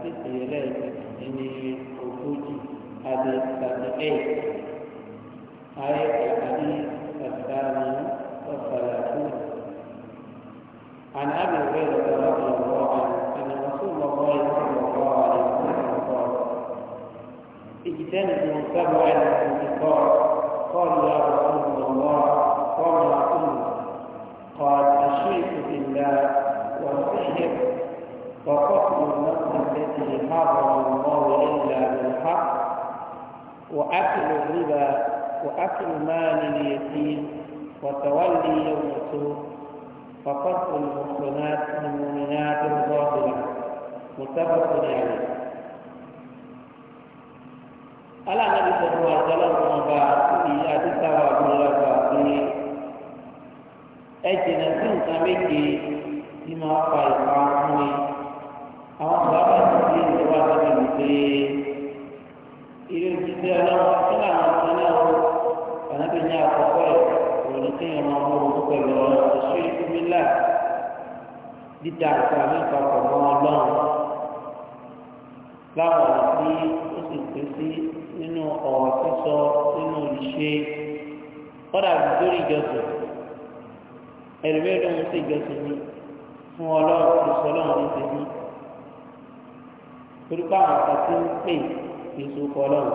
àdéhùn ẹlẹ́ẹ̀kẹ́ ẹni ogójì àti thirty eight ayé àdé ẹ̀sán عن ابي هريره رضي الله عنه ان رسول الله صلى الله عليه وسلم قال اجتنبوا سبعا وأكل الربا وأكل مال اليتيم وتولي يوم السوق فقط المحصنات المؤمنات الغافلة متفق عليه ألا نبي صلى الله عليه وسلم وبارك في kọ́dà lórí ìjọsìn ẹ̀rùmí ọlọ́run sí ìjọsìn ní fún ọlọ́run ìṣọ́ ọlọ́run ní ṣe ní torí báwọn kan ti ń pè èso kọ ọlọ́run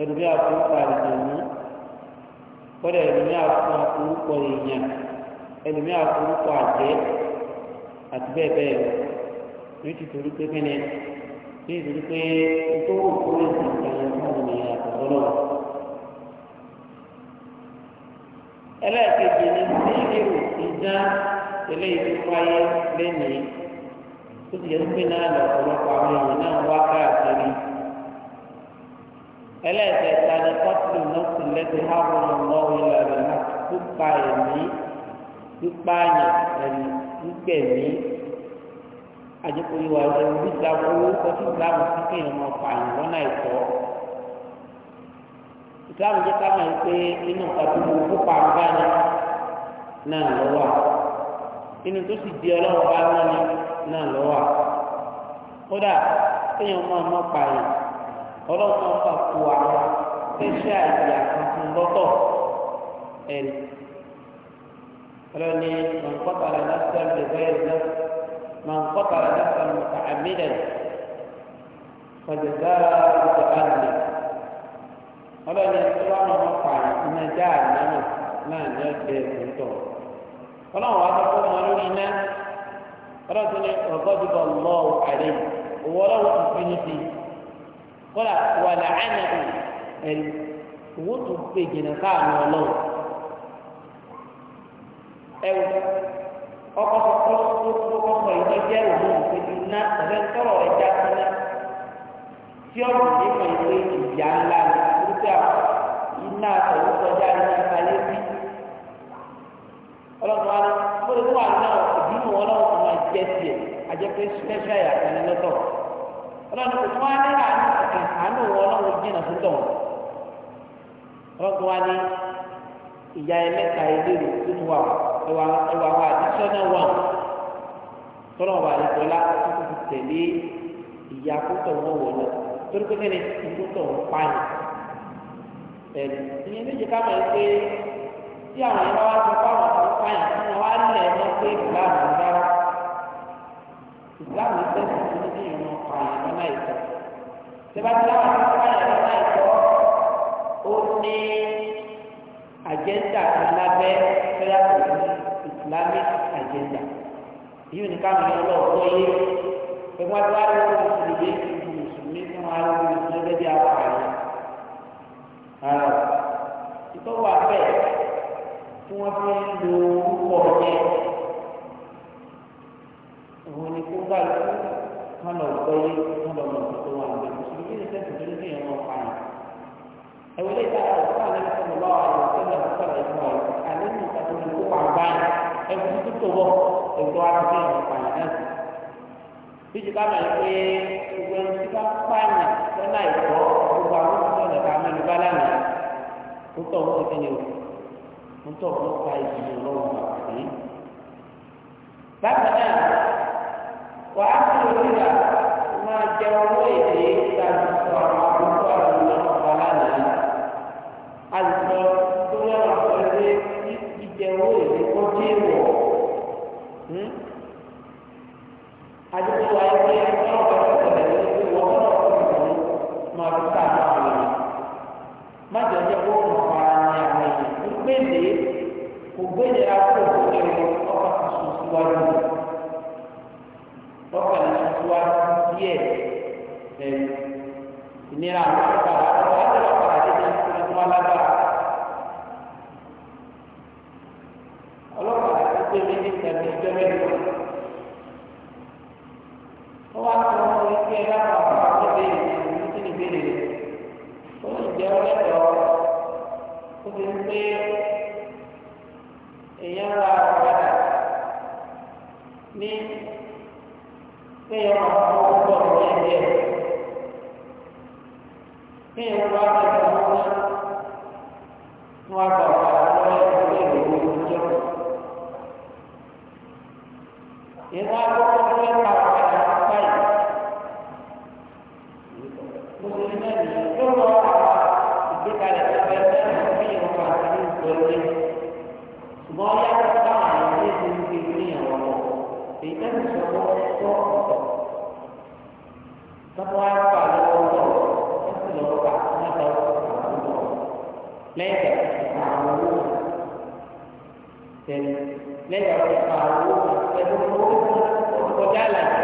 ẹ̀rùmí àkókò àlùjọ̀nù kọ́dà ẹ̀rùmí àkókò èèyàn ẹ̀rùmí àkókò àjẹ́ àti bẹ́ẹ̀ bẹ́ẹ̀ lọ ní tìtorí pé kẹ́ni ní ìtorí pé tó wù kó kan ní ọmọ ènìyàn àtọ̀tọ̀ eléyìí tó wáyé lẹ́nìí tó ti yẹ pé náà lọ́pọ̀lọpọ̀ àwọn èèyàn náà wá káàkiri ẹlẹ́ẹ̀kẹta ni kọ́tù nọ́ọ̀sì lẹ́sẹ̀ hábọ̀nà lọ́wọ́ ìlànà náà pípa ẹ̀mí pípa ẹ̀mí gbígbẹ̀mí àjẹkùnrin wà lẹ́nu bí ìgbàgbọ́ owó kọtù ìgbàgbọ́ sí kéèyàn máa pààyàn lọ́nà ìtọ́ ìgbàgbọ́ jẹ́ ká pé inú náà lọ́wọ́ inú tó sì di ọlọ́run bá rán ni náà lọ́wọ́ kódà téèyàn máa mọ́ pààyàn ọlọ́run máa fà kú àwọn fẹ́ṣẹ́ àyà tuntun lọ́tọ̀ ẹ̀rí ọlọ́ni máa ń kọ́ta la lásán lè bẹ́ẹ̀ lọ máa ń kọ́ta la lásán lè ta àmìlẹ̀ fàjẹ̀dá ọ̀tọ̀ àlè ọlọ́ni tó wà mọ́ pààyàn iná jáà náà náà ní ọ̀dẹ̀ ìtọ̀ ọlọ́run wa kọ́kọ́ mọ lórí iná ọlọ́run tó ní ọgọ́dù bọ̀ lọ́ àlẹ́ òwò ọlọ́run ti bínú sí kọ́lá wà láàánà ẹ̀rí òwò tó gbé jìnnà káàmì ọlọ́run ẹ̀wù ọkọ̀ sọ̀kọ́ tó kọ́kọ́ sọ ìdí jẹ́ òwò òfin iná ọ̀rẹ́ tọ́rọ̀ rẹ̀ já sí iná tí ọ̀rọ̀ yìí mọ̀ ìwé ìyá ńlá rẹ̀ kúrúkẹ́ iná àtọ̀wọ́sọjá iná kalẹ́ ọlọ́run wa mo lè wà náà ìbínú wọn náà kò máa jẹ tiẹ̀ àjẹpẹ́ special yàtọ̀ ní lọ́tọ̀ ọlọ́run kò tún wá ní àánú kàkà àánú wọn náà jìnnà fún tọ̀ ọlọ́run wa ní ìyá ẹlẹ́ta ìlérò tó tún wà ẹwà ẹwà wa àdísọ́nà wà tọ́lọ̀ wà lẹ́tọ́lá tó tún ti tẹ̀lé ìyá kótó wọn wọ̀ lọ torí pé kẹ́ni ìkótó wọn pa ni ẹ̀ẹ́dì ìyẹn méje ká mọ̀ ẹ́ pé tí àwọn ẹ̀rọ wa ti pa wọn fáyà tí wọ́n wá lẹ̀ mọ́ pé ìsìláàmù ń dá ìsìláàmù ń tẹ̀sán sí ní ìyẹn wọn fáyà lọ́nà ìtọ́ tẹ́bátíláwà tó fáyà lọ́nà ìtọ́ ó ní àjẹ́ńdà kan lábẹ́ fẹ́yàtọ̀ sí islamic àjẹ́ńdà yìí ní káwọn ọlọ́ọ̀kọ́ yé ẹgbẹ́ wá wọ́n fi ń lo orúkọ yẹn òun ni kó bá lọ kán lọ gbọ́ yé kán lọ mọ̀ tó wà lọ mùsùlùmí ní sẹ́ńtì tó ní kí yẹn wọ́n lè ta àwọn ọ̀sán àlẹ́ ìfọ̀mọ̀ bá wà lọ sẹ́ńtì àti sọ̀rọ̀ ìfọ̀ àlẹ́ ní ìta tó ní kó wà báyìí ẹ̀fọ́ tó tó bọ̀ ẹ̀tọ́ wa ti yẹn fààyàn náà. bí ti ká mọ̀ ẹ́ ntọ́ ọ̀dọ́ pa ìdílé ọlọ́run pàtàkì. bákan náà wà á fi òmìnira máa jẹ owó èdè láti sọ àwọn àbúkọ àwọn ọlọ́pàá lánàá. àlùkò tó lọ́wọ́ àpẹẹrẹ jíjẹ owó èdè kó dé wọ̀. àdúgbò wa ẹgbẹ́ ọlọ́pàá tó tẹ̀lé ní wọ́n tó lọ́wọ́ tó tẹ̀lé máa fi sáà. gbèdé kò gbèdé akó òkúté ọkọ̀ tuntun síwájú ọkọ̀ tuntun síwájú díẹ̀ ẹ̀ ìnira àwọn ọkọ̀ àti ọkọ̀ àti ọkọ̀ àti ọkọ̀ àti ọkọ̀ alágbára. ọlọ́pàá àti pé mi ní ìtàgé ẹjọ́ mẹ́rin wọ́n wá sọ wọn wọ́n fi ẹ̀rọ àwọn àwọn béèrè ní kí ni béèrè rẹ̀ ó sì jẹ́ ọlẹ́tọ̀ọ́ ó fi ń pé. kéèyàn máa bá wọn pọ̀ lórí ẹ̀jẹ̀ kéèyàn máa bá ẹ̀jẹ̀ wọn ná wọn àgbà padà lọ́wọ́ ẹ̀jẹ̀ ìlú ìlú ìjọba. ìwọ́n á lọ́wọ́ ẹ̀ka. lẹ́yìn àwọn ìpa owó ẹ̀bùn owó kọjá làjì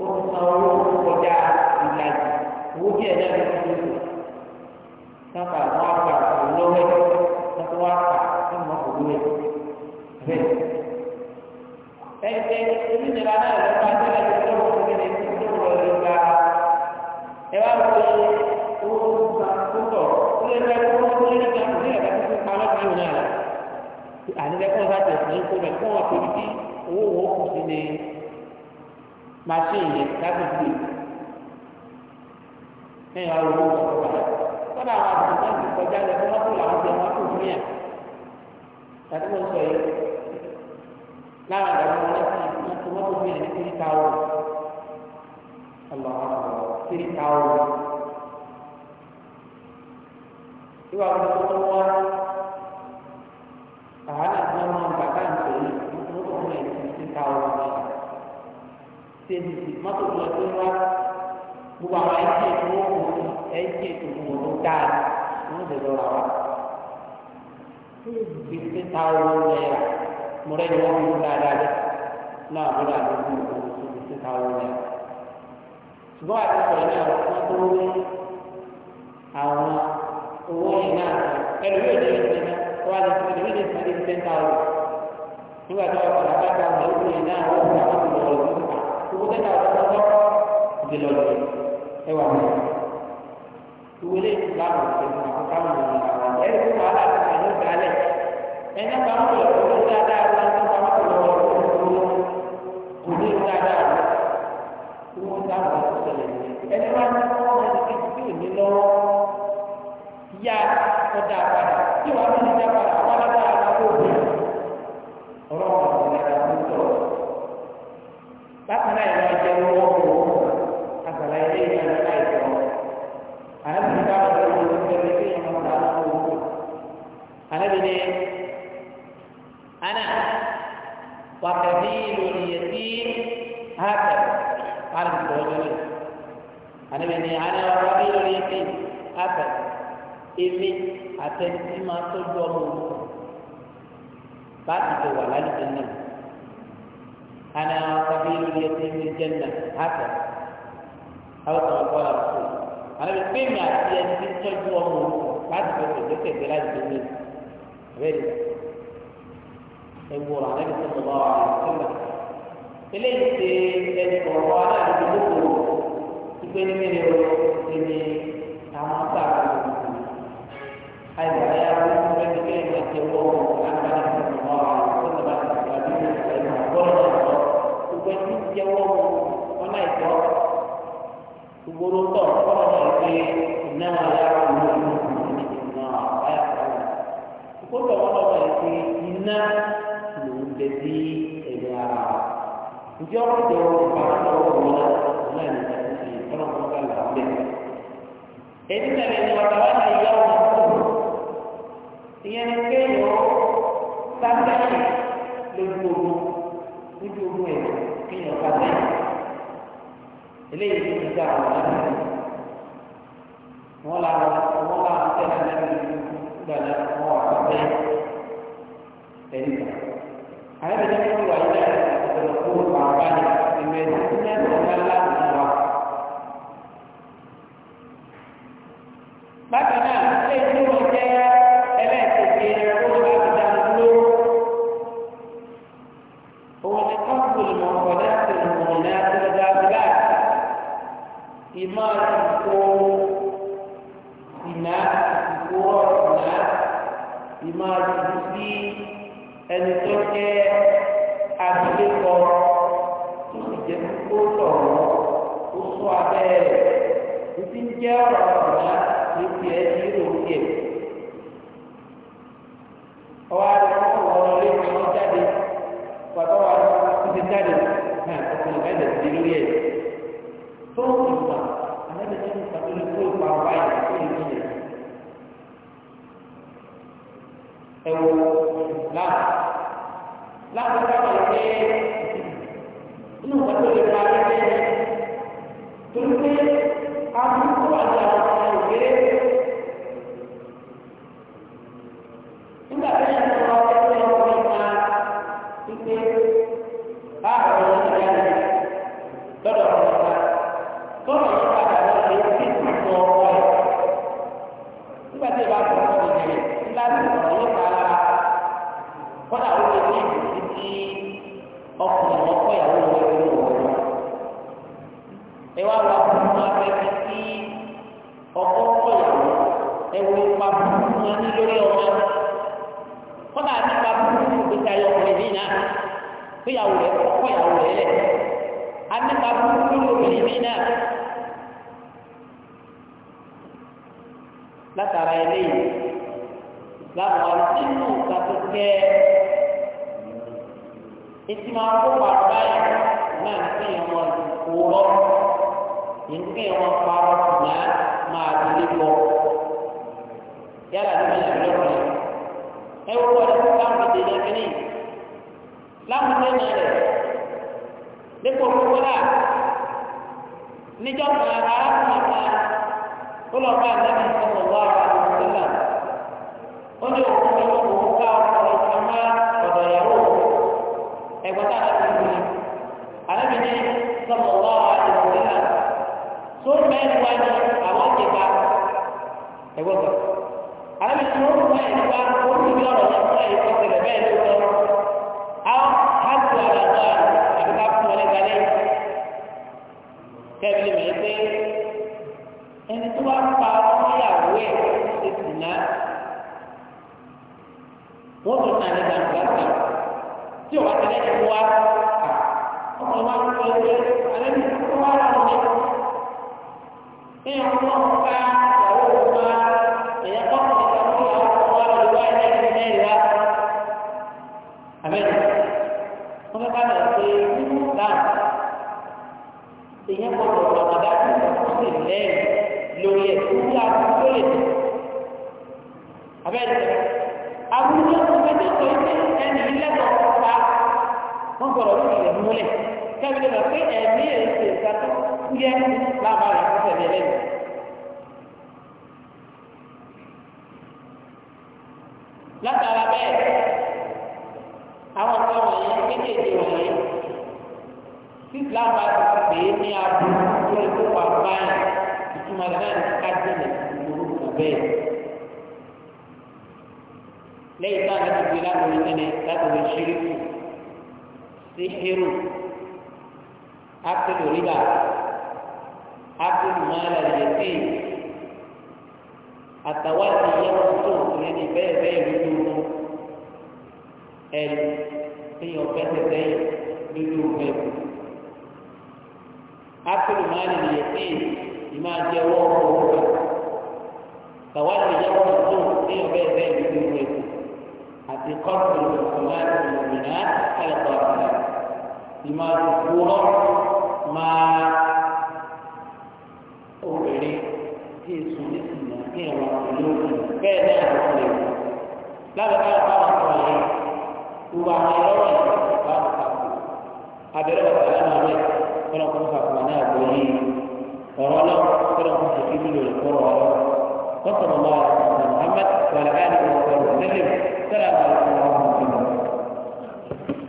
owó owó kọjá ìlàjì owó díẹ̀ náà ló ti dùn sábà wọn àgbà lọ́wọ́ ẹ̀ lọ́wọ́ wọn àgbà ẹ̀ mọ́ òwú ẹ̀ bẹ́ẹ̀. ẹ̀jẹ̀ onídìrá náà ló máa tẹ́lẹ̀ tó tó wọ́n ti kéde tó tó wọ́n ẹ̀ wá pé owó tó tọ̀ ó lè fẹ́ àníbẹ̀ kọ́ bá tẹ̀sí ní kó bẹ̀ kọ́ wọn tóbi tí owó wọn kù sí ní machine yẹn lágbègbè ẹ̀yìn àwọn owó wọn kọ́ wọn kọ́dà àwọn àgbẹ̀ náà ti kọjá lẹ kọ́ mọ́tò làwọn jẹ wọn kù fún yà tàbí wọn sọ yìí láwọn àgbẹ̀ wọn lọ́sìn wọn tó fún yà ní three thousand ọlọ́wọ́ three thousand ìwà wọn tó wọ́n wàhálà tí wọ́n máa ń gbà ká nǹkan yìí wọ́n tó fún ẹ̀sìn sí ká ọ̀rọ̀ náà ṣe ní ti tó ẹgbẹ́ wá gbogbo àwọn ẹ̀jẹ̀ tó wọ́n mú sí ẹ̀jẹ̀ tó mú wọn dáa wọ́n lè lọ́ra wa fi sí ká ọ̀rọ̀ náà mọ̀rẹ́ ni wọ́n mú dáadáa lẹ́ náà mú dáadáa lẹ́ mú wọn fi sí ká ọ̀rọ̀ náà ṣùgbọ́n àti sọ̀rọ̀ náà wọ́n tó ní àwọn owó yìí náà ẹlòmíràn ní ẹ̀jẹ̀ náà ten thousand nígbà tí wọn padà bá ta ọmọ ìlú yẹn náà wọn kà wọn lọ lọ sí ta owó ten thousand tó tọ́ ìdè lọ lọ ẹ wà mọ́ ìwé lè ti bá wọn ṣe fún àkókò àwọn ọmọ ìlú àwọn ẹni tó wàhálà tó kà ní ìdálẹ ẹni bá wọn lọ lọ sí dáadáa wọn tó bá wọn lọ lọ sí ìdúró kò ní dáadáa wọn wọn dáhùn ẹni sọlẹ ẹni wọn ní wọn ní kí ní lọ́wọ́ yá ọdá padà. àtẹni tí máa tọ́jú ọmọ òkú bá ìjọ wà lálùjẹ náà ana ọbẹ ìlú yẹ ti ní jẹnà hàtà àwọn ọmọ ọgbọn àti àwọn ìpè mi àti ẹni tí tọ́jú ọmọ òkú bá ìjọ wà lẹ́kẹ̀kẹ́ lálùjẹ náà abẹ́rẹ́ ẹ̀wọ̀n àlẹ́ ìjọba wà lálùjẹ náà eléyìí ṣe ẹni ọ̀rọ̀ aláàbò lóko ìgbéni mẹ́rin ọ̀rọ̀ ẹni àwọn sáà lóko gbogbo tọ kọlọ náà pé ìnáwó aláwọ ìlú ìlú ìlú ìlú ayàtọ̀ ìkótó wọn lọ́wọ́ ẹ̀ pé iná lòún bẹ sí ẹ̀yà ara ǹjẹ́ ọ̀rọ̀ tó bàbá lọ́wọ́ wọn náà náà ní ìdájọ́ sí ọlọ́run bá là ń bẹ̀. èyí tẹ̀lé ni wọ́n tàwa ní. bákan náà ṣé ìdúró jẹ́ ẹlẹ́ẹ̀kejì ẹ̀kọ́ láti dá dúró òun ni kọ́ńtù ìmọ̀ jẹ́ ọ̀rọ̀ ọ̀la ní tiẹ̀ ní ìròyìn tiẹ̀. ọwọ́ àti ọmọ wọn lé wọn jáde pàtó wà ló ti jáde náà ọkùnrin jáde sí lórí ẹ̀. tó ìgbà àlejò tó ń pàtó lè kó ìpa ọba yìí tó lè ní ìyẹn. ẹ wo láàbù láàbù dábàá pé inú pàtó lè pa ẹgbẹ́ yẹn torí pé a ẹ̀wọ̀ ipa burúkú wọn ní lórí ọmọ kọ́dà nípa burúkú gbèsè ayé ọkùnrin mí náà fíyàwó rẹ̀ kọ́ rẹ̀ lẹ̀ anípa burúkú lóbìnrin mí náà látara eléyìí láwọn nínú ìgbà kẹ́ etí máa kó pàrọ̀ báyìí náà ní kéèyàn wọn kó rọ́ ní kéèyàn wọn parọ́ ṣùgbọ́n máa délé bọ̀ yálà ló máa ṣàlọ́ ọ̀rẹ́ ẹ wọ́n wọlé fún láwọn ìdè náà kínní láwọn ìdè náà rẹ̀ dípò gbogbo náà níjọ́ kan arákùnrin kan ó lọ bá àgbẹ̀bí sọ̀rọ̀ wá àwọn ìṣẹ̀lẹ̀ ó ní òkú mi ó kò ká ọkùnrin kan má ọ̀dọ̀ ìyàwó ẹ̀gbọ́n tá a lọ sí i àlẹ́bí ní sọ̀rọ̀ wá àwọn ìṣẹ̀lẹ̀ tó mẹ́rin wáyé àwọn ìjẹba ẹ̀gbọ́n kan àwọn tí wọ́n fún ẹ̀ wá wọ́n ti bí ọ̀rọ̀ yẹn fún ẹ̀ wọ́n tẹ̀lé bẹ́ẹ̀ tó lọ. àwọn hàtù àràgbà àti ká fún ọlẹ́gbà lẹ́yìn. kẹ́mi lè mẹ́ pé ẹni tó wá pa ọmọyàwó ẹ̀ ṣe sì ná. wọ́n tún náà ní gbàgbà kan tí ò wá tẹ̀lé ẹ̀ wá ọmọ wa ń pẹ́ jẹ́ lábàá rẹ̀ tó tẹ̀lé lẹ́yìn. látara bẹ́ẹ̀ àwọn ọ̀gá wọ̀nyí kéékèèké wọ̀nyí tí islam bá ti pè é ní abu tó lè kó wà báyìí ìtumọ̀ rẹ̀ náà ní kájínà ìgboro kò bẹ́ẹ̀. lẹ́yìn táwọn ẹni gbé látòrí nínú látòrí ṣírífù sí hírù ápẹ́lú rírà أكل مال اليتيم التوالي يوم السوق يعني بيع بيع بدون ال في وقت بيع بدون بيع أكل مال اليتيم لما جاء وقت التوالي يوم السوق يعني بيع بيع بدون بيع àti kọ́ọ̀tù ìmọ̀lẹ́sì ìmọ̀lẹ́sì kálẹ̀ kọ́ọ̀tù ìmọ̀ àti kúrọ́ọ̀tù. ní ìwà ìlú bẹ́ẹ̀ ní àwọn ọmọ rẹ̀ lábẹ́ ká bá wọn kọ́ ẹ̀ ìwà àwọn ẹlọ́wọ̀ yìí bá wọn kà kú abẹ́rẹ́ bàbá lánàá rẹ̀ kọ́nà kó fà kọ́ náà gbọ́ yìí ọ̀rọ̀ náà kọ́nà kó fi kíkú lòlù kọ́ ọ̀rọ̀ wọ́n sọ̀rọ̀ lọ́wọ́ Muhammad wàlẹ́